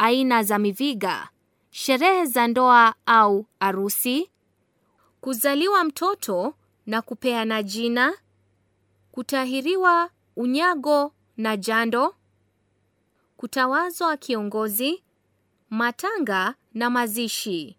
aina za miviga, sherehe za ndoa au arusi, kuzaliwa mtoto na kupeana jina, kutahiriwa, unyago na jando, kutawazwa kiongozi, matanga na mazishi.